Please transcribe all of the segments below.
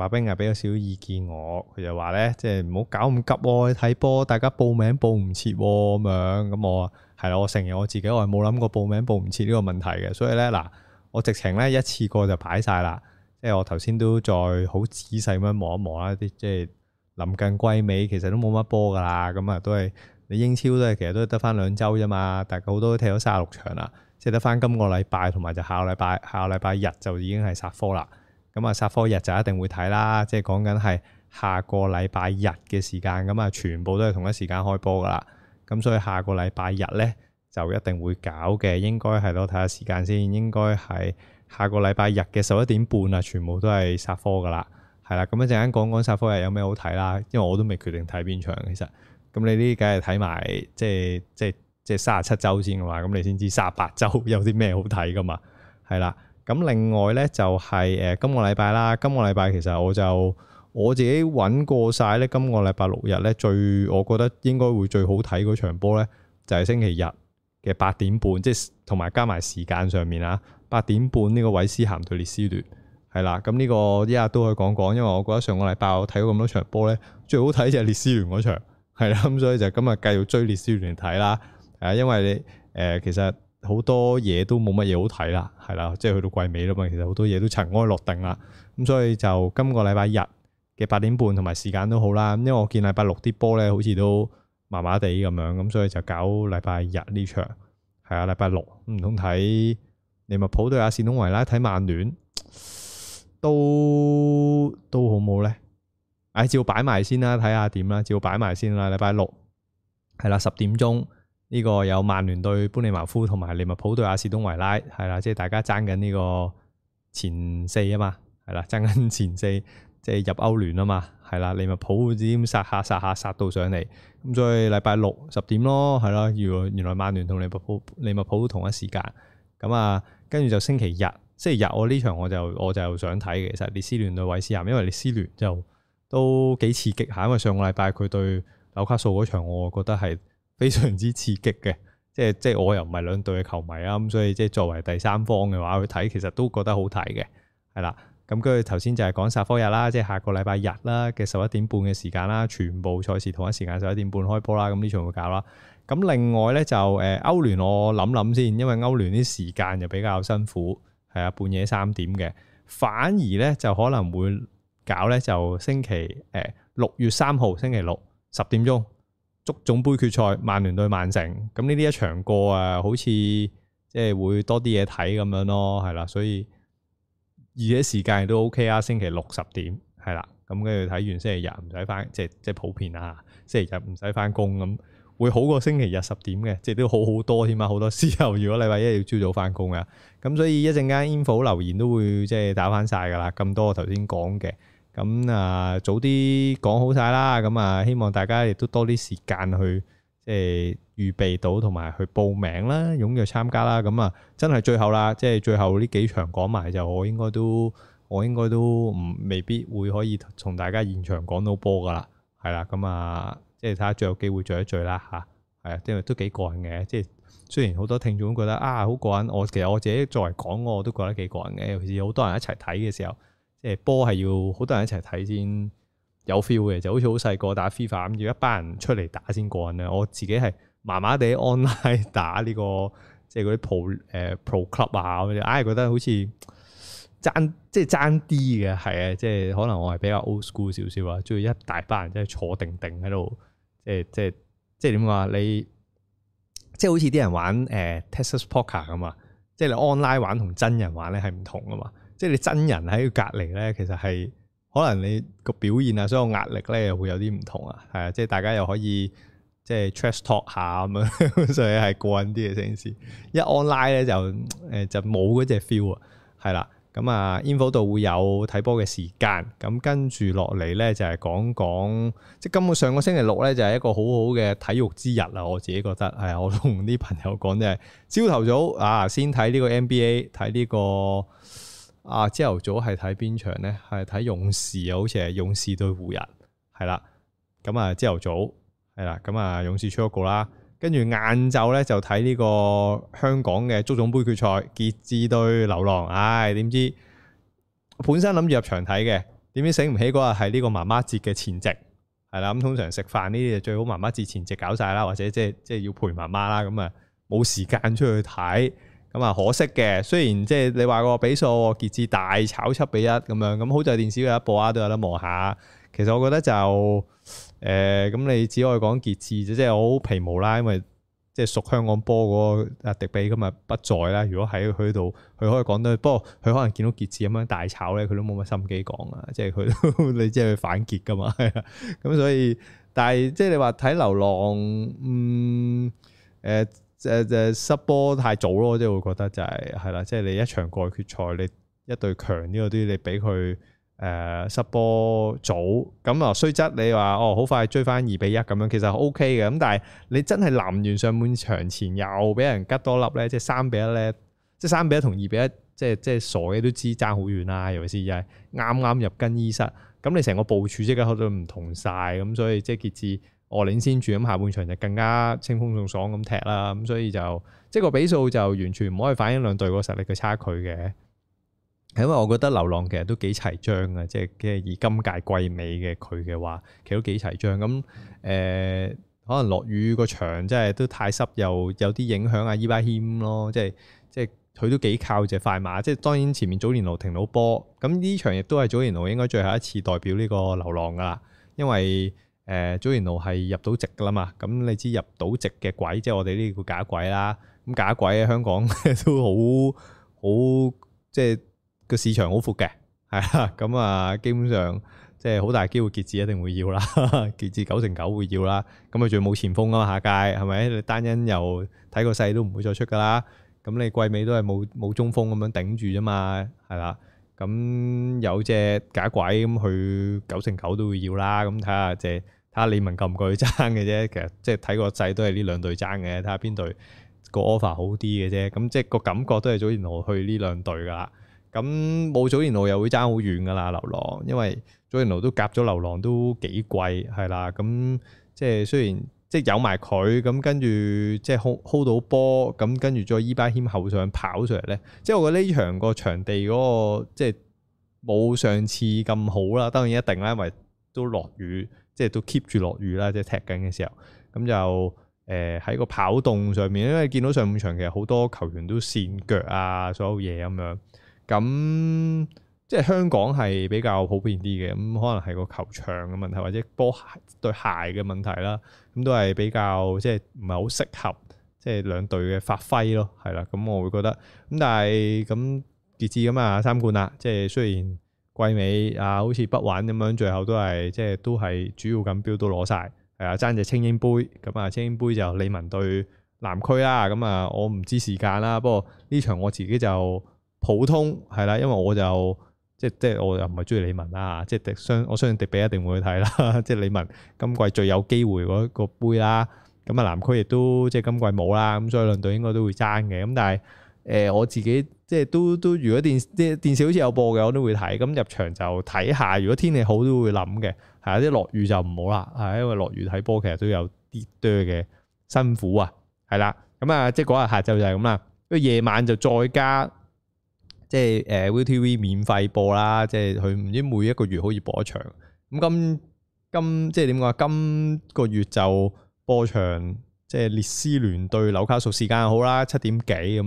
白兵又俾咗少少意見我，佢就話咧，即係唔好搞咁急，啊，去睇波，大家報名報唔切咁樣。咁我係啦，我承認我自己我係冇諗過報名報唔切呢個問題嘅，所以咧嗱，我直情咧一次過就擺晒啦。即係我頭先都再好仔細咁樣望一望啦，啲即係臨近季尾其，其實都冇乜波㗎啦。咁啊，都係你英超都係，其實都得翻兩週啫嘛。大家好多都踢咗三十六場啦，即係得翻今個禮拜同埋就下個禮拜，下個禮拜日就已經係煞科啦。咁啊、嗯，殺科日就一定會睇啦，即係講緊係下個禮拜日嘅時間，咁、嗯、啊全部都係同一時間開波噶啦。咁、嗯、所以下個禮拜日咧就一定會搞嘅，應該係咯。睇下時間先，應該係下個禮拜日嘅十一點半啊，全部都係殺科噶啦。係啦，咁、嗯、一陣間講講殺科日有咩好睇啦，因為我都未決定睇邊場其實。咁你呢？啲梗係睇埋即係即係即係三十七周先嘅嘛，咁你先知三十八周有啲咩好睇噶嘛，係啦。咁另外咧就係誒今個禮拜啦，今個禮拜其實我就我自己揾過晒咧，今個禮拜六日咧最我覺得應該會最好睇嗰場波咧，就係星期日嘅八點半，即係同埋加埋時間上面啊，八點半呢個韋斯咸對列斯聯，係啦，咁呢個依家都可以講講，因為我覺得上個禮拜我睇咗咁多場波咧，最好睇就係列斯聯嗰場，係啦，咁所以就今日繼續追列斯聯睇啦，誒，因為你誒、呃、其實。多好多嘢都冇乜嘢好睇啦，係啦，即係去到季尾啦嘛，其實好多嘢都塵埃落定啦，咁所以就今個禮拜日嘅八點半同埋時間都好啦，因為我見禮拜六啲波咧好似都麻麻地咁樣，咁所以就搞禮拜日呢場，係啊，禮拜六，唔通睇利物浦對阿士東維拉睇曼聯，都都好冇咧，唉、哎，照擺埋先啦，睇下點啦，照擺埋先啦，禮拜六，係啦十點鐘。呢個有曼聯對般尼茅夫同埋利物浦對阿士東維拉，係啦，即係大家爭緊呢個前四啊嘛，係啦，爭緊前四，即係入歐聯啊嘛，係啦，利物浦點殺下殺下殺到上嚟，咁所以禮拜六十點咯，係咯，原來原來曼聯同利物浦利物浦同一時間，咁啊，跟住就星期日，星期日我呢場我就我就想睇嘅，其實列斯聯對韋斯咸，因為列斯聯就都幾刺激下，因為上個禮拜佢對紐卡素嗰場，我覺得係。非常之刺激嘅，即係即係我又唔係兩隊嘅球迷啊，咁所以即係作為第三方嘅話去睇，其實都覺得好睇嘅，係啦。咁跟住頭先就係講煞科日啦，即係下個禮拜日啦嘅十一點半嘅時間啦，全部賽事同一時間十一點半開波啦，咁呢場會搞啦。咁另外咧就誒歐聯，我諗諗先，因為歐聯啲時間又比較辛苦，係啊半夜三點嘅，反而咧就可能會搞咧就星期誒六月三號星期六十點鐘。足總盃決賽，曼聯對曼城，咁呢啲一場過啊，好似即係會多啲嘢睇咁樣咯，係啦，所以而且時間都 OK 啊，星期六十點係啦，咁跟住睇完星期日唔使翻，即係即係普遍啊，星期日唔使翻工咁，會好過星期日十點嘅，即係都好好多添啊，好多時候，如果禮拜一要朝早翻工嘅，咁所以一陣間 info 留言都會即係打翻晒噶啦，咁多我頭先講嘅。咁啊，早啲講好晒啦！咁啊，希望大家亦都多啲時間去，即係預備到同埋去報名啦，踴躍參加啦！咁啊，真係最後啦，即係最後呢幾場講埋就我應該都，我應該都唔未必會可以同大家現場講到波㗎喇，係啦，咁、嗯、啊，即係睇下最後機會聚一聚，一聚啦吓，係啊，因為都幾過癮嘅，即係雖然好多聽眾覺得啊好過癮，我其實我自己作為講我都覺得幾過癮嘅，尤其是好多人一齊睇嘅時候。即係波係要好多人一齊睇先有 feel 嘅，就好似好細個打 f i f a l 要一班人出嚟打先過癮啊！我自己係麻麻地 online 打呢、這個，即係嗰啲 pro 誒、呃、pro club 啊，咁樣，硬係覺得好似爭即係爭啲嘅，係啊！即係可能我係比較 old school 少少啊，中意一大班人即係坐定定喺度，即係即係即係點話你，即係好似啲人玩誒、呃、Texas s poker 咁啊！即係你 online 玩同真人玩咧係唔同噶嘛。即係你真人喺隔籬咧，其實係可能你個表現啊，所有壓力咧又會有啲唔同啊，係啊，即係大家又可以即係 trash talk 下咁樣，所以係過癮啲嘅聲線。一 online 咧就誒就冇嗰隻 feel 啊，係啦，咁啊，info 度會有睇波嘅時間，咁跟住落嚟咧就係講講，即係今個上個星期六咧就係一個好好嘅體育之日啊，我自己覺得，係、就是、啊，我同啲朋友講就係朝頭早啊先睇呢個 NBA 睇呢、呢個。啊！朝頭早係睇邊場咧？係睇勇士好似係勇士對湖人，係啦。咁、嗯、啊，朝頭早係啦。咁啊、嗯，勇士出一個啦。跟住晏晝咧就睇呢個香港嘅足總盃決賽，傑志對流浪。唉、哎，點知本身諗住入場睇嘅，點知醒唔起嗰日係呢個媽媽節嘅前夕，係啦。咁、嗯、通常食飯呢啲嘢最好媽媽節前夕搞晒，啦，或者即係即係要陪媽媽啦。咁啊，冇時間出去睇。咁啊可惜嘅，雖然即係你話個比數傑志大炒七比一咁樣，咁好在電視有一部啊，都有得望下。其實我覺得就誒，咁、呃、你只可以講傑志，即係好皮毛啦，因為即係屬香港波嗰個阿迪比咁啊不在啦。如果喺佢度，佢可以講得，不過佢可能見到傑志咁樣大炒咧，佢都冇乜心機講啊，即係佢你即係反傑噶嘛，係啊，咁所以，但係即係你話睇流浪，嗯誒。呃誒誒、呃呃、失波太早咯，即係會覺得就係係啦，即係你一場過嘅決賽，你一隊強啲嗰啲，你俾佢誒失波早咁啊雖則，嗯、雖你話哦好快追翻二比一咁樣，其實 O K 嘅，咁但係你真係臨完上半場前又俾人吉多粒咧，即係三比一咧，即係三比一同二比一，即係即係傻嘅都知爭好遠啦，尤其是又係啱啱入更衣室，咁你成個部署即刻都唔同晒。咁所以即係結至。我領先住咁下半場就更加清風送爽咁踢啦，咁所以就即係個比數就完全唔可以反映兩隊個實力嘅差距嘅，係因為我覺得流浪其實都幾齊將嘅，即係即係以今屆季尾嘅佢嘅話，其實都幾齊將。咁誒、呃，可能落雨個場真係都太濕，又有啲影響阿伊巴謙咯，即係即係佢都幾靠隻快馬。即係當然前面早年路停到波，咁呢場亦都係早年路應該最後一次代表呢個流浪噶啦，因為。誒，中原、呃、路係入到籍嘅啦嘛，咁你知入到籍嘅鬼，即係我哋呢個假鬼啦。咁假鬼喺、啊、香港 都好好，即係個市場好闊嘅，係啦。咁啊，基本上即係好大機會傑志一定會要啦，傑志九成九會要啦。咁啊，仲冇前鋒啊，下屆係咪？你單因由睇個勢都唔會再出噶啦。咁你季尾都係冇冇中鋒咁樣頂住啫嘛，係啦。咁有隻假鬼咁，佢九成九都會要啦。咁睇下即係睇下李文夠唔夠佢爭嘅啫。其實即係睇個掣都係呢兩隊爭嘅，睇下邊隊個 offer 好啲嘅啫。咁即係個感覺都係祖賢奴去呢兩隊噶啦。咁、嗯、冇祖賢奴又會爭好遠噶啦，流浪。因為祖賢奴都夾咗流浪都幾貴，係啦。咁即係雖然。即係有埋佢咁，跟住即係 hold hold 到波，咁跟住再依巴謙後上跑出嚟咧。即係我覺得呢場個場地嗰、嗰個即係冇上次咁好啦，當然一定啦，因為都落雨，即係都 keep 住落雨啦，即係踢緊嘅時候，咁就誒喺、呃、個跑動上面，因為見到上半場其實好多球員都跣腳啊，所有嘢咁樣咁。即係香港係比較普遍啲嘅，咁、嗯、可能係個球場嘅問題，或者波對鞋嘅問題啦，咁、嗯、都係比較即係唔係好適合即係兩隊嘅發揮咯，係啦，咁、嗯、我會覺得，咁但係咁傑志咁啊三冠啦，即係雖然季尾啊，好似不玩咁樣，最後都係即係都係主要錦標都攞晒，係啊爭隻菁英盃，咁、嗯、啊菁英盃就理文對南區啦，咁、嗯、啊我唔知時間啦，不過呢場我自己就普通係啦，因為我就。即係即係，我又唔係中意李文啦嚇，即係迪相，我相信迪比一定會去睇啦。即係李文今季最有機會嗰個杯啦，咁啊南區亦都即係今季冇啦，咁所以兩隊應該都會爭嘅。咁但係誒，我自己即係都都，如果電啲電視好似有播嘅，我都會睇。咁入場就睇下，如果天氣好都會諗嘅，係啊，一啲落雨就唔好啦，係因為落雨睇波其實都有啲多嘅，辛苦啊，係啦。咁啊，即係嗰日下晝就係咁啦，跟住夜晚就再加。即係誒 ViuTV 免費播啦，即係佢唔知每一個月可以播一場。咁今今即係點講啊？今個月就播場即係列斯聯對紐卡素時間好啦，七點幾咁樣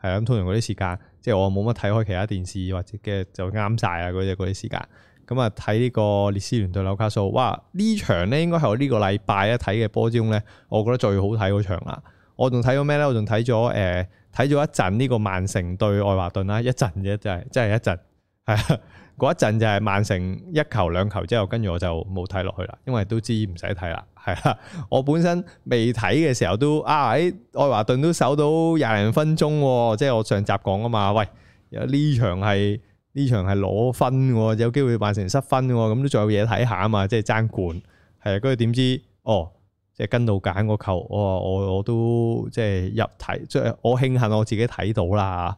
係啊。咁通常嗰啲時間，即係我冇乜睇開其他電視或者嘅就啱晒啊嗰隻嗰啲時間。咁啊睇呢個列斯聯對紐卡素，哇！呢場咧應該係我呢個禮拜一睇嘅波之中咧，我覺得最好睇嗰場啦。我仲睇咗咩咧？我仲睇咗誒。呃睇咗一陣呢個曼城對愛華頓啦，一陣啫，真係真係一陣。係啊，嗰一陣就係曼城一球兩球之後，跟住我就冇睇落去啦，因為都知唔使睇啦。係啊，我本身未睇嘅時候都啊，誒、哎、愛華頓都守到廿零分鐘喎、哦，即係我上集講啊嘛。喂，呢場係呢場係攞分喎、哦，有機會曼城失分喎、哦，咁都仲有嘢睇下啊嘛，即係爭冠係啊。跟住點知哦？即係跟到揀個球，我話我我都即係入睇，即係我慶幸我自己睇到啦。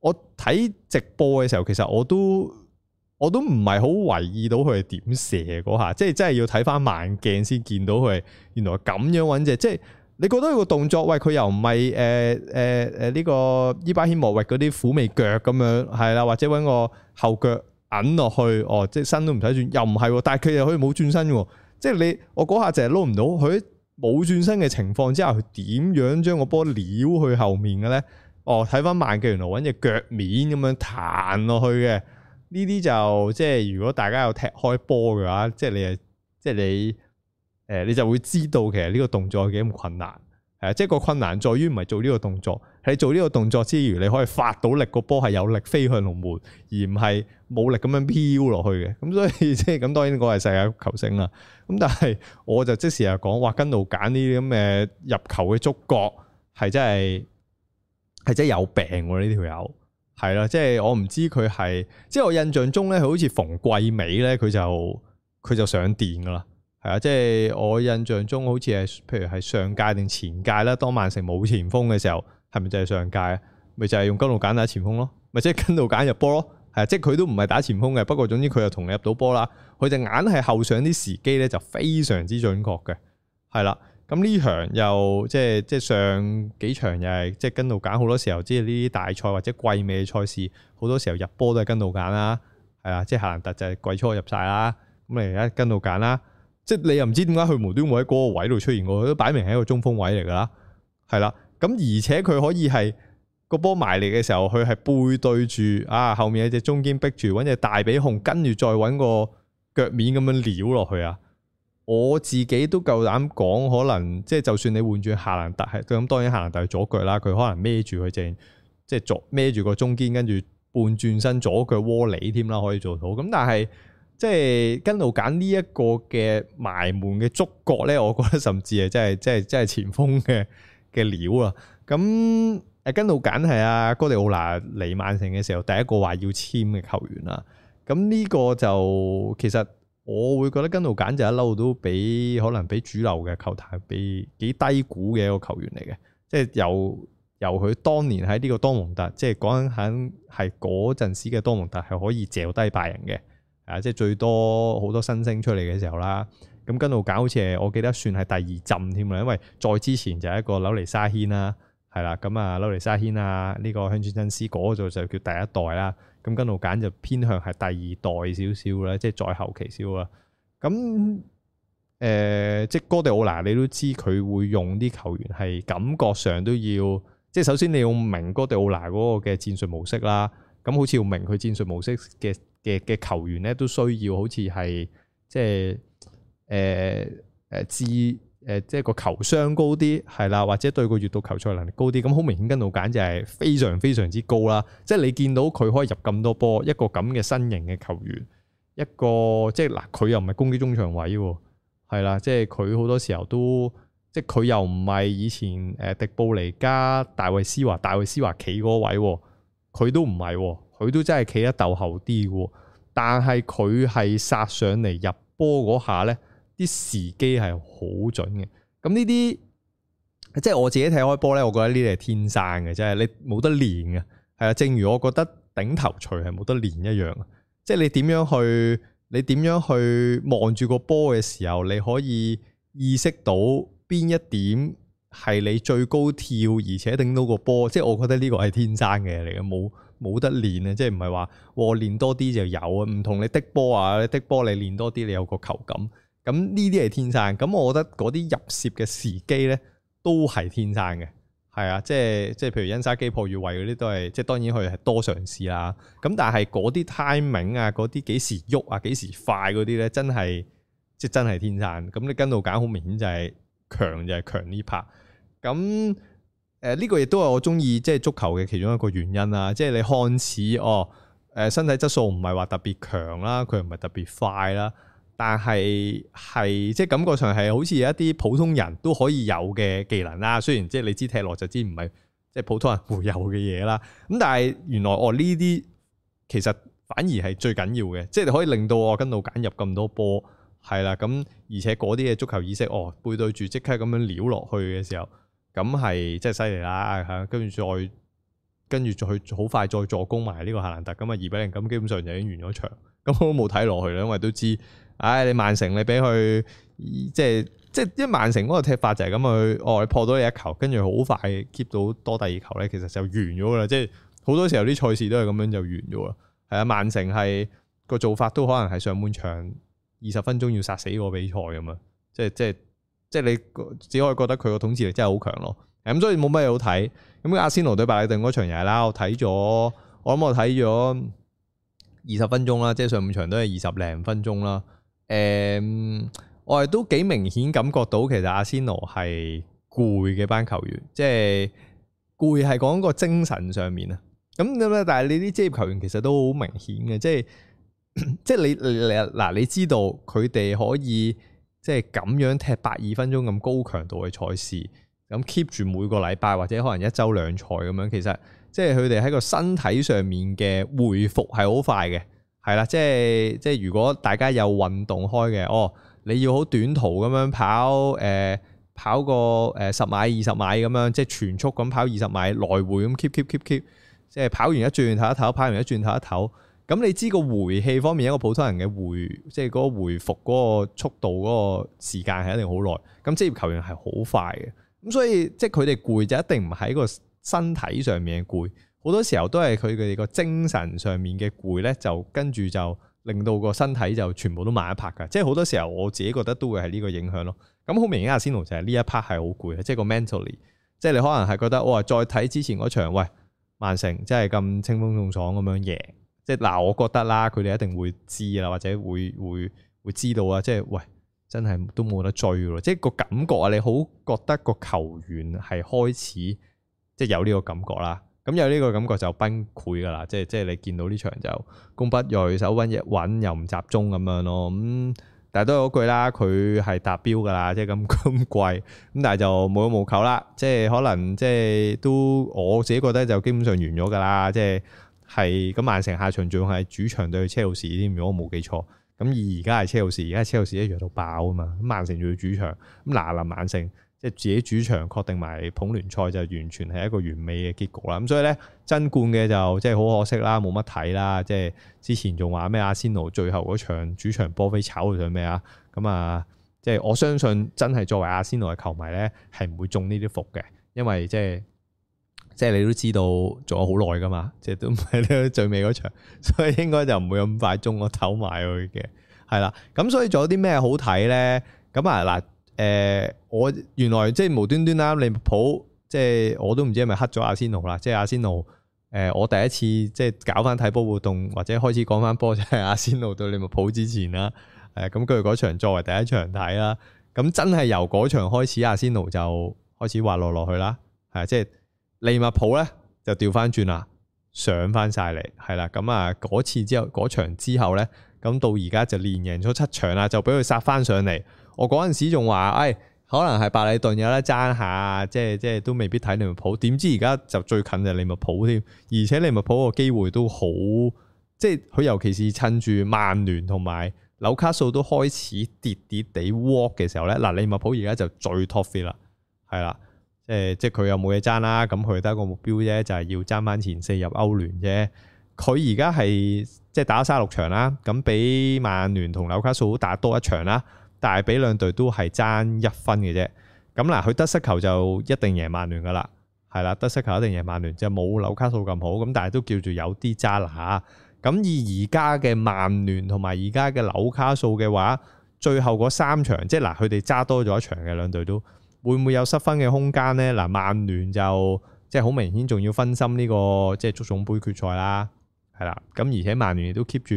我睇直播嘅時候，其實我都我都唔係好為意到佢係點射嗰下，即係真係要睇翻慢鏡先見到佢係原來咁樣揾嘅。即係你覺得佢個動作，喂，佢又唔係誒誒誒呢個伊巴希莫域嗰啲虎尾腳咁樣，係啦，或者揾個後腳揞落去，哦，即係身都唔使轉，又唔係喎，但係佢又可以冇轉身喎。即係你，我嗰下就係撈唔到，佢冇轉身嘅情況之下，佢點樣將個波撩去後面嘅咧？哦，睇翻慢鏡，原來揾隻腳面咁樣彈落去嘅。呢啲就即係如果大家有踢開波嘅話，即係你，即係你，誒，呃，你就會知道其實呢個動作係幾咁困難。誒，即係個困難在於唔係做呢個動作，係做呢個動作之餘，你可以發到力個波係有力飛向龍門，而唔係冇力咁樣飄落去嘅。咁所以即係咁，當然嗰個係世界球星啦。咁但係我就即時就講話，哇，跟度揀呢啲咁嘅入球嘅觸覺係真係係真係有病喎！呢條友係啦，即係我唔知佢係，即係我印象中咧，佢好似逢季尾咧，佢就佢就上電噶啦。係啊，即係我印象中好似係，譬如係上屆定前屆啦。當曼城冇前鋒嘅時候，係咪就係上屆啊？咪就係用根度簡打前鋒咯，咪即係根度簡入波咯。係啊，即係佢都唔係打前鋒嘅。不過總之佢又同你入到波啦。佢隻眼係後上啲時機咧，就非常之準確嘅。係啦，咁呢場又即係即係上幾場又係即係根度簡好多時候，即係呢啲大賽或者季尾嘅賽事，好多時候入波都係根度簡啦。係啊，即係夏蘭特就係季初入晒啦，咁你而家根度簡啦。即係你又唔知點解佢無端端會喺嗰個位度出現過？佢都擺明係一個中鋒位嚟㗎啦，係啦。咁而且佢可以係個波埋嚟嘅時候，佢係背對住啊，後面有隻中堅逼住，搵隻大髀熊，跟住再搵個腳面咁樣撩落去啊！我自己都夠膽講，可能即係就算你換轉夏蘭特，係咁，當然夏蘭特係左腳啦，佢可能孭住佢正，即係捉孭住個中堅，跟住半轉身左腳窩裏添啦，可以做到。咁但係。即係根度簡呢一個嘅埋門嘅觸覺咧，我覺得甚至係即係即係即係前鋒嘅嘅料啊！咁誒，根度簡係啊，哥迪奧拿嚟曼城嘅時候，第一個話要簽嘅球員啦。咁呢個就其實我會覺得根度簡就一嬲都比可能比主流嘅球壇比幾低估嘅一個球員嚟嘅。即係由由佢當年喺呢個多蒙特，即係講緊係嗰陣時嘅多蒙特係可以嚼低拜仁嘅。啊！即係最多好多新星出嚟嘅時候啦，咁跟度揀好似係我記得算係第二浸添啦，因為再之前就係一個紐尼沙軒啦，係啦，咁啊紐尼沙軒啊，呢、這個香川真司嗰度就叫第一代啦，咁跟度揀就偏向係第二代少少咧，即係再後期少啊。咁誒、呃，即係哥迪奧拿，你都知佢會用啲球員係感覺上都要，即係首先你要明哥迪奧拿嗰個嘅戰術模式啦，咁好似要明佢戰術模式嘅。嘅嘅球員咧都需要好似係即係誒誒資誒即係個球商高啲係啦，或者對個閲讀球賽能力高啲咁，好明顯跟到簡直係非常非常之高啦。即係你見到佢可以入咁多波，一個咁嘅身形嘅球員，一個即係嗱佢又唔係攻擊中場位喎、啊，係啦，即係佢好多時候都即係佢又唔係以前誒迪布尼加、大衛斯華、大衛斯華企嗰位、啊，佢都唔係喎。佢都真係企得逗後啲嘅，但係佢係殺上嚟入波嗰下呢啲時機係好準嘅。咁呢啲即係我自己睇開波呢，我覺得呢啲係天生嘅，即係你冇得練嘅。係啊，正如我覺得頂頭槌係冇得練一樣，即係你點樣去，你點樣去望住個波嘅時候，你可以意識到邊一點係你最高跳，而且頂到個波。即係我覺得呢個係天生嘅嚟嘅，冇。冇得練啊！即係唔係話我練多啲就有啊？唔同你的波啊，你的波你，你練多啲，你有個球感。咁呢啲係天生。咁我覺得嗰啲入蝕嘅時機咧，都係天生嘅。係啊，即係即係譬如恩沙基破越位嗰啲都係，即係當然佢係多嘗試啦。咁但係嗰啲 timing 啊，嗰啲幾時喐啊，幾時快嗰啲咧，真係即係真係天生。咁你跟到簡好明顯就係強就係、係、強呢 part。咁誒，呢個亦都係我中意即係足球嘅其中一個原因啦。即係你看似哦，誒、呃，身體質素唔係話特別強啦，佢唔係特別快啦，但係係即係感覺上係好似一啲普通人都可以有嘅技能啦。雖然即係你知踢落就知唔係即係普通人會有嘅嘢啦。咁但係原來哦，呢啲其實反而係最緊要嘅，即係你可以令到我跟到揀入咁多波係啦。咁而且嗰啲嘅足球意識，哦背對住即刻咁樣撩落去嘅時候。咁係真係犀利啦嚇，跟住再跟住再好快再助攻埋呢個夏蘭特，咁啊二比零，咁基本上就已經完咗場，咁我都冇睇落去啦，因為都知，唉、哎、你曼城你俾佢即係即係一曼城嗰個踢法就係咁去哦你破到你一球，跟住好快 keep 到多第二球咧，其實就完咗噶啦，即係好多時候啲賽事都係咁樣就完咗啦，係啊曼城係個做法都可能係上半場二十分鐘要殺死個比賽咁啊，即係即係。即係你只可以覺得佢個統治力真係好強咯，咁、嗯、所以冇乜嘢好睇。咁、嗯、阿仙奴對白禮頓嗰場又係啦，我睇咗，我諗我睇咗二十分鐘啦，即係上半場都係二十零分鐘啦。誒、嗯，我係都幾明顯感覺到其實阿仙奴係攰嘅班球員，即係攰係講個精神上面啊。咁咁咧，但係你啲職業球員其實都好明顯嘅，即係即係你你嗱，你知道佢哋可以。即係咁樣踢百二分鐘咁高強度嘅賽事，咁 keep 住每個禮拜或者可能一周兩賽咁樣，其實即係佢哋喺個身體上面嘅回復係好快嘅，係啦，即係即係如果大家有運動開嘅，哦，你要好短途咁樣跑，誒、呃、跑個誒十米二十米咁樣，即係全速咁跑二十米，來回咁 keep keep keep keep，即係跑完一轉唞一唞，跑完一轉唞一唞。咁你知個回氣方面，一個普通人嘅回即係嗰個回復嗰個速度嗰個時間係一定好耐。咁職業球員係好快嘅，咁所以即係佢哋攰就一定唔喺個身體上面嘅攰，好多時候都係佢哋個精神上面嘅攰咧，就跟住就令到個身體就全部都慢一拍嘅。即係好多時候我自己覺得都會係呢個影響咯。咁好明顯，阿仙奴就係呢一 part 係好攰，即係個 mentally，即係你可能係覺得哇，再睇之前嗰場喂曼城，真係咁清風送爽咁樣贏。贏。即係嗱、啊，我覺得啦，佢哋一定會知啦，或者會會會知道啊！即係喂，真係都冇得追咯，即係個感覺啊！你好覺得個球員係開始即係有呢個感覺啦，咁、嗯、有呢個感覺就崩潰噶啦！即係即係你見到呢場就攻不銳，守亦唔穩又唔集中咁樣咯。咁、嗯、但係都係嗰句啦，佢係達標噶啦，即係咁咁貴咁、嗯，但係就無憂無求啦。即係可能即係都我自己覺得就基本上完咗噶啦，即係。係咁，曼城下場仲係主場對車路士添，如果我冇記錯，咁而而家係車路士，而家車路士一樣到爆啊嘛！咁曼城仲要主場，咁嗱啦，曼城即係自己主場確定埋捧聯賽就完全係一個完美嘅結局啦。咁所以咧，爭冠嘅就即係好可惜啦，冇乜睇啦。即係之前仲話咩阿仙奴最後嗰場主場波飛炒到上咩啊？咁啊，即係我相信真係作為阿仙奴嘅球迷咧，係唔會中呢啲伏嘅，因為即係。即係你都知道，做咗好耐噶嘛，即係都唔係最尾嗰場，所以應該就唔會咁快中個頭埋去嘅，係啦。咁所以仲有啲咩好睇咧？咁啊嗱，誒、呃，我原來即係無端端啦、啊，利物浦即係我都唔知係咪黑咗阿仙奴啦，即係阿仙奴。誒、呃，我第一次即係搞翻睇波活動，或者開始講翻波，就係阿仙奴對利物浦之前啦、啊。誒，咁佢嗰場作為第一場睇啦、啊，咁真係由嗰場開始，阿仙奴就開始滑落落去啦，係即係。利物浦咧就調翻轉啦，上翻晒嚟，係啦。咁啊，嗰次之後，嗰場之後咧，咁到而家就連贏咗七場啦，就俾佢殺翻上嚟。我嗰陣時仲話，誒、哎、可能係白禮頓有得爭下，即係即係都未必睇利物浦。點知而家就最近就利物浦添，而且利物浦個機會都好，即係佢尤其是趁住曼聯同埋紐卡素都開始跌跌地 walk 嘅時候咧，嗱利物浦而家就最 top fit 啦，係啦。誒、呃，即係佢又冇嘢爭啦，咁佢得個目標啫，就係、係、要爭返前四入歐聯啫。佢而家係即係打三六場啦，咁比曼聯同紐卡素打多一場啦，但係比兩隊都係爭一分嘅啫。咁嗱，佢得失球就一定贏曼聯噶啦，係啦，得失球一定贏曼聯，就冇紐卡素咁好。咁但係都叫做有啲渣嗱。咁以而家嘅曼聯同埋而家嘅紐卡素嘅話，最後嗰三場即係嗱，佢哋揸多咗一場嘅兩隊都。會唔會有失分嘅空間呢？嗱、啊，曼聯就即係好明顯，仲要分心呢、呢個即係足總盃決賽啦，係啦。咁而且曼聯亦都 keep 住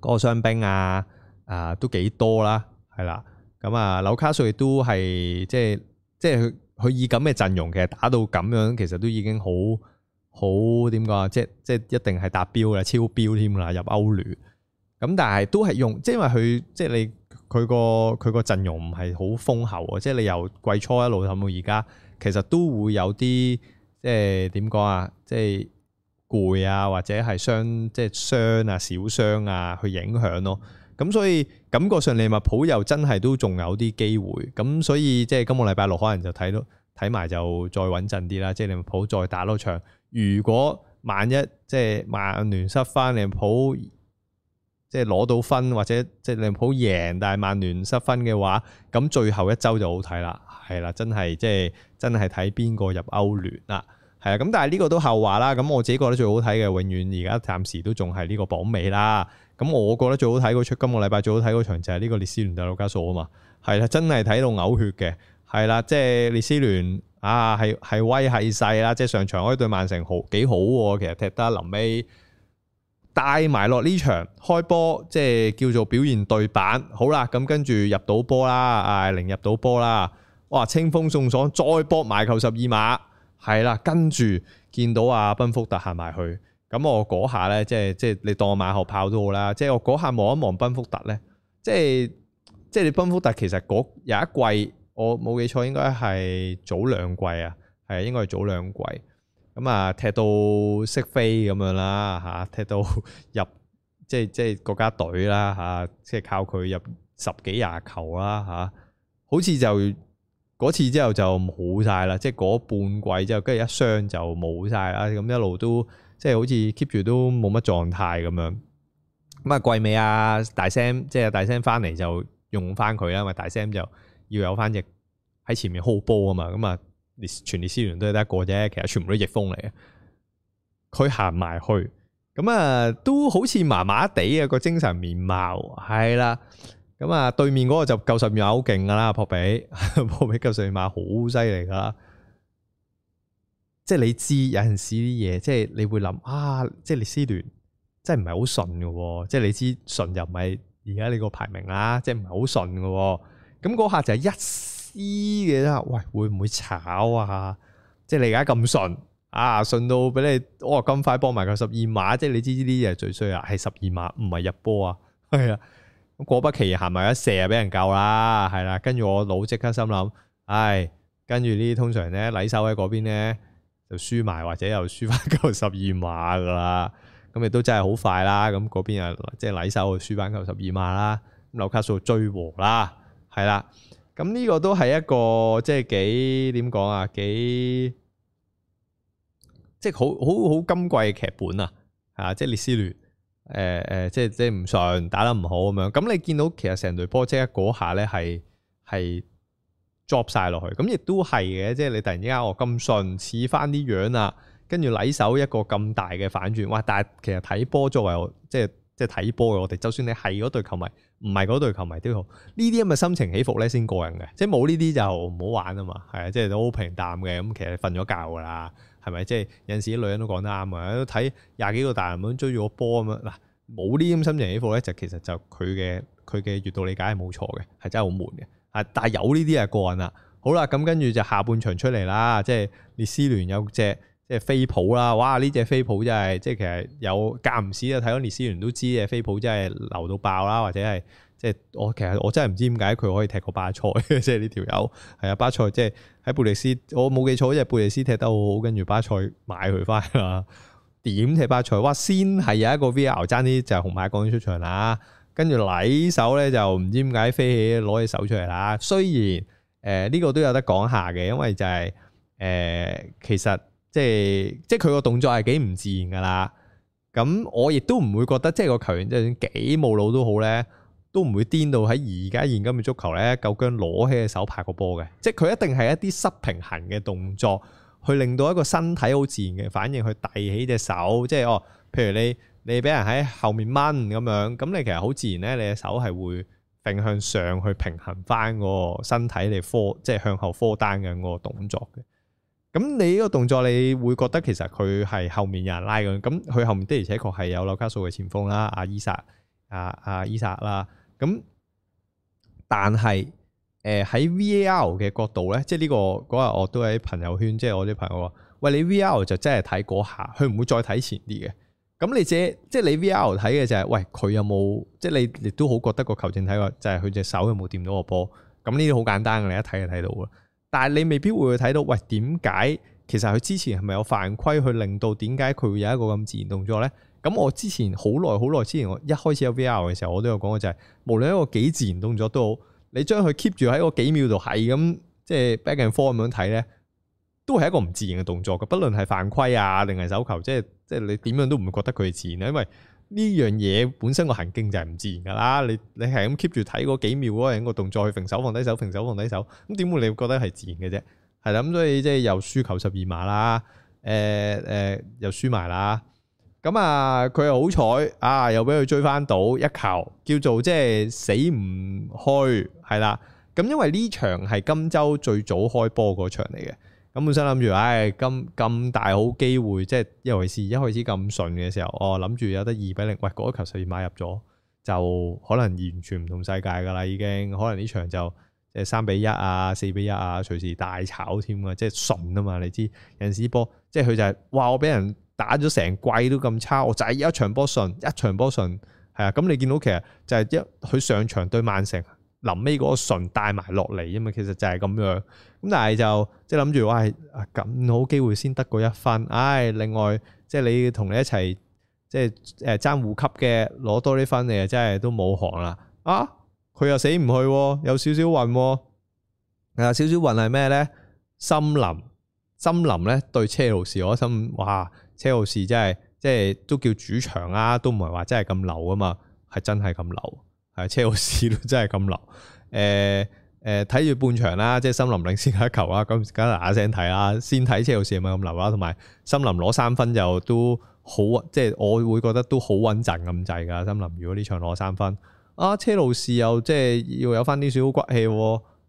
嗰個傷兵啊，啊都幾多啦，係啦。咁、嗯、啊，紐卡素亦都係即係即係佢佢以咁嘅陣容，其實打到咁樣，其實都已經好好點講啊，即係即係一定係達標啦，超標添啦，入歐聯。咁、嗯、但係都係用，即係因為佢即係你。佢個佢個陣容唔係好豐厚啊，即係你由季初一路睇到而家，其實都會有啲即係點講啊，即係攰啊，或者係傷即係傷啊、小傷啊去影響咯。咁所以感覺上利物浦又真係都仲有啲機會。咁所以即係今個禮拜六可能就睇到睇埋就再穩陣啲啦。即係利物浦再打多場，如果萬一即係曼聯失番，利物浦。即係攞到分或者即係你唔好贏，但係曼聯失分嘅話，咁最後一周就好睇啦，係啦，真係即係真係睇邊個入歐聯啦，係啊，咁但係呢個都後話啦，咁我自己覺得最好睇嘅，永遠而家暫時都仲係呢個榜尾啦。咁我覺得最好睇嗰出今個禮拜最好睇嗰場就係呢個列斯聯對紐卡素啊嘛，係啦，真係睇到嘔血嘅，係啦，即係列斯聯啊係係威係勢啦，即係上場可以對曼城好幾好喎，其實踢得臨尾。帶埋落呢場開波，即係叫做表現對版。好啦，咁跟住入到波啦，啊零入到波啦，哇，清風送爽，再搏埋球十二碼，係啦，跟住見到阿、啊、賓福特行埋去，咁我嗰下咧，即係即係你當我馬後炮都好啦，即係我嗰下望一望賓福特咧，即係即係你賓福特其實嗰有一季，我冇記錯應該係早兩季啊，係應該係早兩季。咁啊，踢到識飛咁樣啦嚇，踢到入即係即係國家隊啦嚇，即係靠佢入十幾廿球啦嚇，好似就嗰次之後就冇晒啦，即係嗰半季之後跟住一傷就冇晒啦，咁一路都即係好似 keep 住都冇乜狀態咁樣。咁啊季尾啊大 Sam 即係大 Sam 翻嚟就用翻佢啦，因為大 Sam 就要有翻隻喺前面 hold 波啊嘛，咁啊。全列斯聯都係得一個啫，其實全部都逆風嚟嘅。佢行埋去，咁啊都好似麻麻地啊個精神面貌係啦。咁啊對面嗰個就舊十秒好勁噶啦，破比破比舊十秒好犀利噶。即係你知有陣時啲嘢，即係你會諗啊，即係列斯聯真係即係唔係好順嘅。即係你知順又唔係而家你個排名啦，即係唔係好順嘅。咁嗰下就係一。知嘅啦，喂、哎，會唔會炒啊？即係你而家咁順啊，順到俾你，我、哦、咁快幫埋個十二碼，即係你知知呢啲嘢最衰啊？係十二碼，唔係入波啊，係啊。咁果不其然行埋一射，俾人救啦，係啦。跟住我腦即刻心諗，唉、哎，跟住呢，啲通常咧禮手喺嗰邊咧就輸埋，或者又輸翻夠十二碼噶啦。咁亦都真係好快啦。咁嗰邊又即係禮手輸翻夠十二碼啦，紐卡素追和啦，係啦。咁呢、嗯這個都係一個即係幾點講啊？幾即係好好好金貴嘅劇本啊！嚇、啊，即係列斯聯，誒、呃、誒，即係即係唔順，打得唔好咁樣。咁、嗯、你見到其實成隊波即係嗰下咧，係係抓曬落去。咁亦都係嘅，即係你突然之間我咁順，似翻啲樣啊，跟住禮手一個咁大嘅反轉。哇！但係其實睇波作為即係即係睇波嘅我哋，就算你係嗰隊球迷。唔係嗰隊球迷都好，呢啲咁嘅心情起伏咧先過癮嘅，即冇呢啲就唔好玩啊嘛，係啊，即係都好平淡嘅，咁其實瞓咗覺㗎啦，係咪？即係有陣時啲女人都講得啱啊，睇廿幾個大男人追住個波咁樣，嗱，冇呢啲咁心情起伏咧，就其實就佢嘅佢嘅閲讀理解係冇錯嘅，係真係好悶嘅，啊，但係有呢啲就過癮啦。好啦，咁跟住就下半場出嚟啦，即係列斯聯有隻。即係飛普啦！哇，呢隻飛普真係即係其實有間唔時都睇到列斯員都知，呢隻飛普真係流到爆啦。或者係即係我其實我真係唔知點解佢可以踢過巴塞即係呢條友係啊！巴塞即係喺布力斯，我冇記錯，好似係布力斯踢得好好，跟住巴塞買佢翻去啦。點踢巴塞？哇，先係有一個 V.R. 爭啲就紅牌趕出場啦。跟住禮手咧就唔知點解飛起攞起手出嚟啦。雖然誒呢、呃呢個都有得講下嘅，因為就係、是、誒、呃、其實。即係即係佢個動作係幾唔自然噶啦，咁我亦都唔會覺得即係個球員就算幾冇腦都好咧，都唔會癲到喺而家現今嘅足球咧，夠姜攞起隻手拍個波嘅。即係佢一定係一啲失平衡嘅動作，去令到一個身體好自然嘅反應去遞起隻手。即係哦，譬如你你俾人喺後面掹咁樣，咁你其實好自然咧，你隻手係會並向上去平衡翻個身體你科，即係向後科單嘅嗰個動作嘅。咁、嗯、你呢個動作，你會覺得其實佢係後面有人拉咁，咁、嗯、佢、嗯嗯嗯嗯嗯、後面的而且確係有紐卡素嘅前鋒啦，阿伊薩、阿阿伊薩啦。咁、啊啊啊啊啊啊啊啊、但係誒喺、呃、VAR 嘅角度咧，即係呢、這個嗰日我都喺朋友圈，即係我啲朋友話：喂，你 VAR 就真係睇嗰下，佢唔會再睇前啲嘅。咁、嗯、你借即係你 VAR 睇嘅就係、是：喂，佢有冇？即係你亦都好覺得個球證睇過就係佢隻手有冇掂到個波？咁呢啲好簡單嘅，你一睇就睇到啦。但係你未必會去睇到，喂，點解其實佢之前係咪有犯規去令到點解佢會有一個咁自然動作咧？咁我之前好耐好耐之前，我一開始有 VR 嘅時候，我都有講過就係，無論一個幾自然動作都好，你將佢 keep 住喺個幾秒度係咁，即係 back and forth 咁樣睇咧，都係一個唔自然嘅動作嘅，不論係犯規啊定係手球，即係即係你點樣都唔會覺得佢係自然，因為。呢樣嘢本身個行徑就係唔自然噶啦，你你係咁 keep 住睇嗰幾秒嗰個動作，去揈手放低手，揈手放低手，咁點會你會覺得係自然嘅啫？係啦，咁所以即係又輸球十二碼啦，誒、呃、誒、呃、又輸埋啦，咁啊佢又好彩啊，又俾佢追翻到一球，叫做即係死唔去，係啦，咁、嗯、因為呢場係今週最早開波嗰場嚟嘅。咁本身諗住，唉，咁咁大好機會，即係尤其是一開始咁順嘅時候，我諗住有得二比零，喂，嗰球實時買入咗，就可能完全唔同世界噶啦，已經可能呢場就即係三比一啊，四比一啊，隨時大炒添啊，即係順啊嘛，你知有陣時啲波，即係佢就係，哇，我俾人打咗成季都咁差，我就係一場波順，一場波順，係啊，咁你見到其實就係一佢上場對曼城。臨尾嗰個順帶埋落嚟，因為其實就係咁樣。咁但係就即係諗住哇咁好機會先得嗰一分，唉、哎！另外即係、就是、你同你一齊即係誒爭護級嘅攞多啲分你呀，真係都冇行啦。啊，佢又死唔去，有少少運喎。啊，少少運係咩咧？森林，森林咧對車路士，我心哇，車路士真係即係都叫主場啊，都唔係話真係咁流啊嘛，係真係咁流。係車路士都真係咁流，誒誒睇住半場啦，即係森林領先一球啊。咁梗係嗱聲睇啊，先睇車路士係咪咁流啊？同埋森林攞三分就都好，即係我會覺得都好穩陣咁滯噶。森林如果呢場攞三分啊，車路士又即係要有翻啲少少骨氣，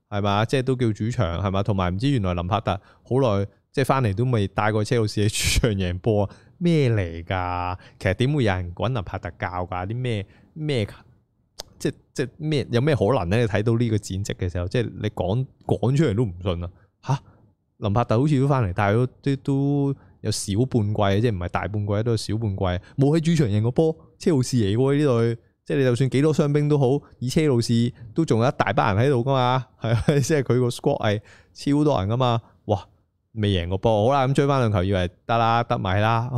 係嘛？即係都叫主場係嘛？同埋唔知原來林柏特好耐即係翻嚟都未帶過車路士喺主場贏波咩嚟噶？其實點會有人揾林柏特教噶啲咩咩？即係即係咩有咩可能咧？你睇到呢個戰績嘅時候，即係你講講出嚟都唔信啊！吓，林柏特好似都翻嚟，但係都都有小半季，即係唔係大半季都有小半季，冇喺主場贏過波，車路士嚟喎呢隊，即係你就算幾多傷兵都好，以車路士都仲有一大班人喺度噶嘛，係啊，即係佢個 squad 係超多人噶嘛，哇，未贏過波，好啦，咁追翻兩球，以為得啦，得埋啦，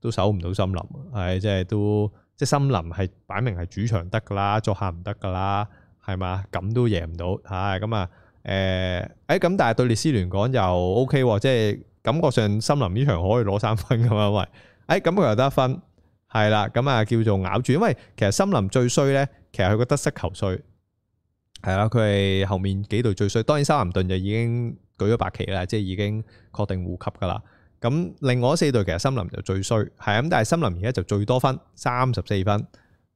都守唔到森林，係即係都。即森林係擺明係主場得㗎啦，作客唔得㗎啦，係嘛？咁都贏唔到嚇咁啊！誒，誒咁，但係對列斯聯講又 O K 喎，即係感覺上森林呢場可以攞三分㗎嘛，喂、哎，誒咁佢又得分係啦，咁啊叫做咬住，因為其實森林最衰咧，其實佢個得失球衰係啦，佢係後面幾隊最衰，當然沙林頓就已經舉咗白旗啦，即係已經確定護級㗎啦。咁另外四隊其實森林就最衰，係啊，但係森林而家就最多分三十四分，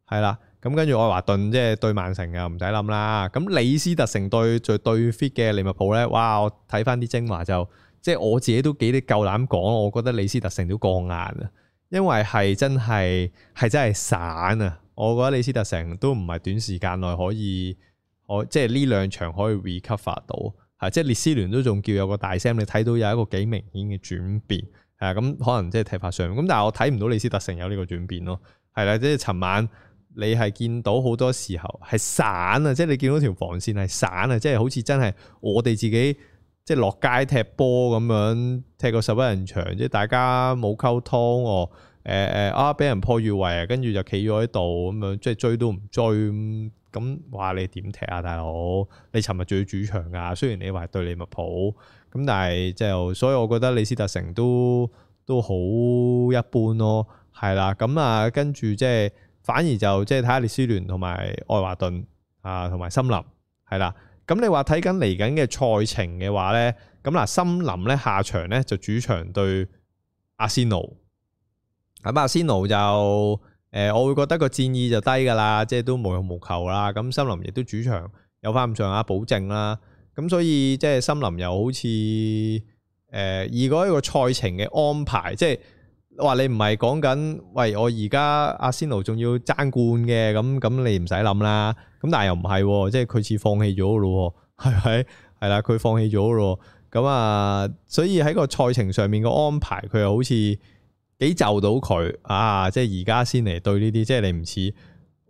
係啦。咁跟住愛華頓即係對曼城啊，唔使諗啦。咁李斯特城對最對 fit 嘅利物浦咧，哇！我睇翻啲精華就即係、就是、我自己都幾啲夠膽講，我覺得李斯特城都過硬啊，因為係真係係真係散啊。我覺得李斯特城都唔係短時間內可以可即係呢兩場可以 recover 到。啊！即係列斯聯都仲叫有個大 Sam，你睇到有一個幾明顯嘅轉變，係啊咁、嗯、可能即係踢法上咁，但係我睇唔到李斯特城有呢個轉變咯。係啦，即係尋晚你係見到好多時候係散啊，即係你見到條防線係散、哦呃、啊，即係好似真係我哋自己即係落街踢波咁樣踢個十一人場，即係大家冇溝通喎，誒啊俾人破越位啊，跟住就企咗喺度咁樣，即係追都唔追。咁話、嗯、你點踢啊，大佬？你尋日仲要主場噶，雖然你話對利物浦，咁但係就，所以我覺得李斯特城都都好一般咯，係啦。咁、嗯、啊，跟住即係反而就即係睇下列斯聯同埋愛華頓啊，同埋森林係啦。咁、嗯、你話睇緊嚟緊嘅賽程嘅話咧，咁、嗯、嗱，森林咧下場咧就主場對阿仙奴，咁阿仙奴就。誒、呃，我會覺得個戰意就低噶啦，即係都無欲無求啦。咁森林亦都主場有翻咁上下保證啦。咁所以即係森林又好似誒，如、呃、果一個賽程嘅安排，即係話你唔係講緊喂，我而家阿仙奴仲要爭冠嘅，咁咁你唔使諗啦。咁但係又唔係，即係佢似放棄咗咯，係咪？係啦，佢放棄咗咯。咁啊，所以喺個賽程上面嘅安排，佢又好似。畀就到佢啊！即係而家先嚟對呢啲，即係你唔似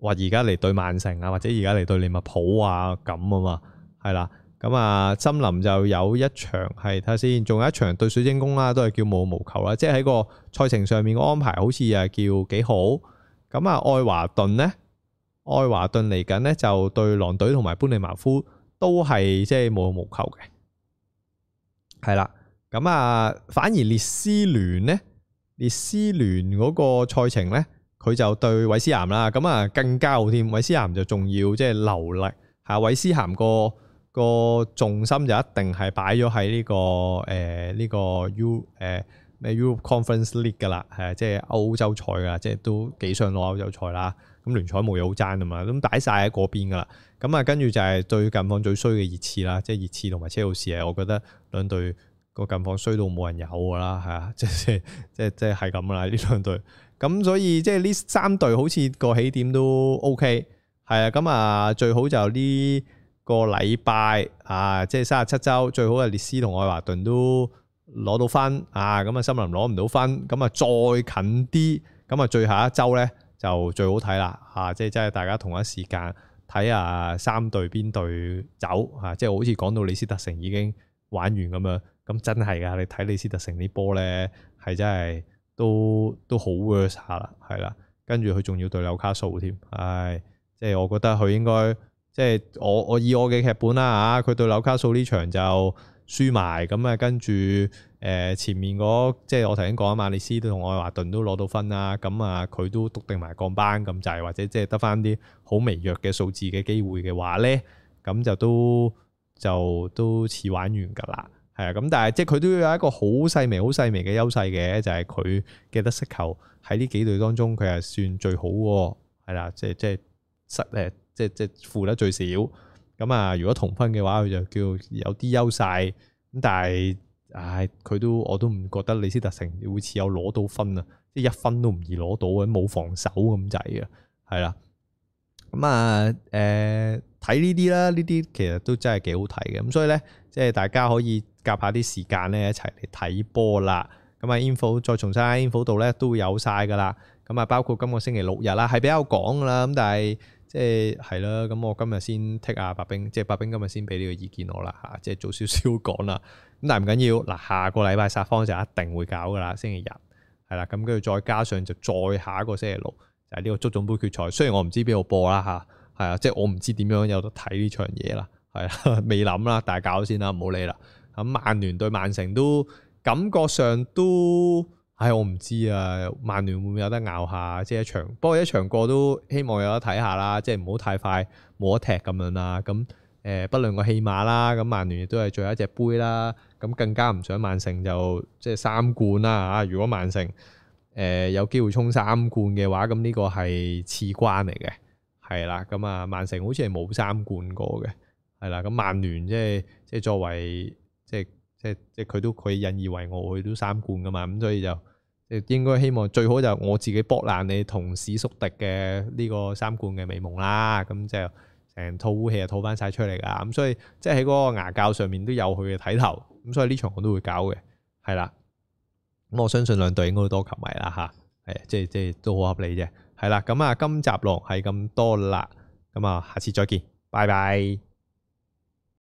話而家嚟對曼城啊，或者而家嚟對利物浦啊咁啊嘛，係啦。咁啊，森林就有一場係睇下先，仲有一場對水晶宮啦，都係叫無欲無求啦。即係喺個賽程上面嘅安排，好似啊叫幾好。咁啊，愛華頓呢，愛華頓嚟緊呢，就對狼隊同埋般尼茅夫都係即係無欲無求嘅，係啦。咁啊，反而列斯聯呢。而列斯聯嗰個賽程咧，佢就對韋斯咸啦，咁啊更加好添。韋斯咸就仲要即係、就是、流力嚇，韋斯咸個個重心就一定係擺咗喺呢個誒呢、呃呢個 u 誒咩 u Conference League 㗎啦，係即係歐洲賽㗎，即係都幾想攞歐洲賽啦。咁聯賽冇嘢好爭㗎嘛，咁擺晒喺嗰邊㗎啦。咁啊，跟住就係最近況最衰嘅熱刺啦，即係熱刺同埋車路士啊，我覺得兩隊。個近況衰到冇人有噶啦，係、OK，啊，即係即係即係係咁啦，呢兩隊咁所以即係呢三隊好似個起點都 OK，係啊，咁啊最好就呢個禮拜啊，即係三十七周，最好係列斯同愛華頓都攞到分啊，咁啊森林攞唔到分，咁啊、嗯嗯、再近啲，咁、嗯、啊最後一周咧就最好睇啦，啊即係即係大家同一時間睇下、啊、三隊邊隊走啊，即係好似講到李斯特城已經玩完咁樣。咁真係噶，你睇李斯特城呢波咧，係真係都都好 worse 下啦，係啦。跟住佢仲要對紐卡素添，唉、哎，即、就、係、是、我覺得佢應該即係我我以我嘅劇本啦、啊、嚇，佢對紐卡素呢場就輸埋咁啊。跟住誒、呃、前面嗰即係我頭先講啊嘛，列斯都同愛華頓都攞到分啦，咁啊佢都篤定埋降班咁滯，或者即係得翻啲好微弱嘅數字嘅機會嘅話咧，咁就都就，就都似玩完㗎啦。誒，咁但係即係佢都要有一個好細微、好細微嘅優勢嘅，就係佢嘅得失球喺呢幾隊當中，佢係算最好嘅係啦，即係即係失誒，即係即係負得最少。咁啊，如果同分嘅話，佢就叫有啲優勢。咁但係，唉、哎，佢都我都唔覺得李斯特城會似有攞到分啊，即係一分都唔易攞到，冇防守咁滯嘅，係啦。咁啊，誒、呃，睇呢啲啦，呢啲其實都真係幾好睇嘅。咁所以咧。即係大家可以夾下啲時間咧，一齊嚟睇波啦，咁啊 info 再重新喺 info 度咧都會有晒噶啦，咁啊包括今個星期六日啦，係比較趕噶啦，咁但係即係係咯，咁我今日先剔阿白兵，即係白兵今日先俾呢個意見我啦，嚇，即係早少少講啦，咁但係唔緊要，嗱下個禮拜煞科就一定會搞噶啦，星期日係啦，咁跟住再加上就再下一個星期六就係、是、呢個足總盃決賽，雖然我唔知邊度播啦，吓，係啊，即係我唔知點樣有得睇呢場嘢啦。係啦，未諗啦，大搞先啦，唔好理啦。咁曼聯對曼城都感覺上都，唉，我唔知啊。曼聯會唔會有得拗下？即係一場，不過一場過都希望有得睇下啦。即係唔好太快冇得踢咁樣啦。咁誒，不論個戲碼啦，咁曼聯亦都係最後一隻杯啦。咁更加唔想曼城就即係三冠啦。啊，如果曼城誒有機會沖三冠嘅話，咁呢個係次關嚟嘅，係啦。咁啊，曼城好似係冇三冠過嘅。係啦，咁曼聯即係即係作為即係即係即係佢都佢引以為傲，佢都三冠㗎嘛。咁所以就即係應該希望最好就我自己博爛你同死宿敵嘅呢個三冠嘅美夢啦。咁就成套烏氣就吐翻晒出嚟㗎。咁所以即係喺嗰個牙教上面都有佢嘅睇頭。咁所以呢場我都會搞嘅，係啦。咁我相信兩隊應該都多球迷啦，吓，係即係即係都好合理啫。係啦，咁啊今集落係咁多啦，咁啊下次再見，拜拜。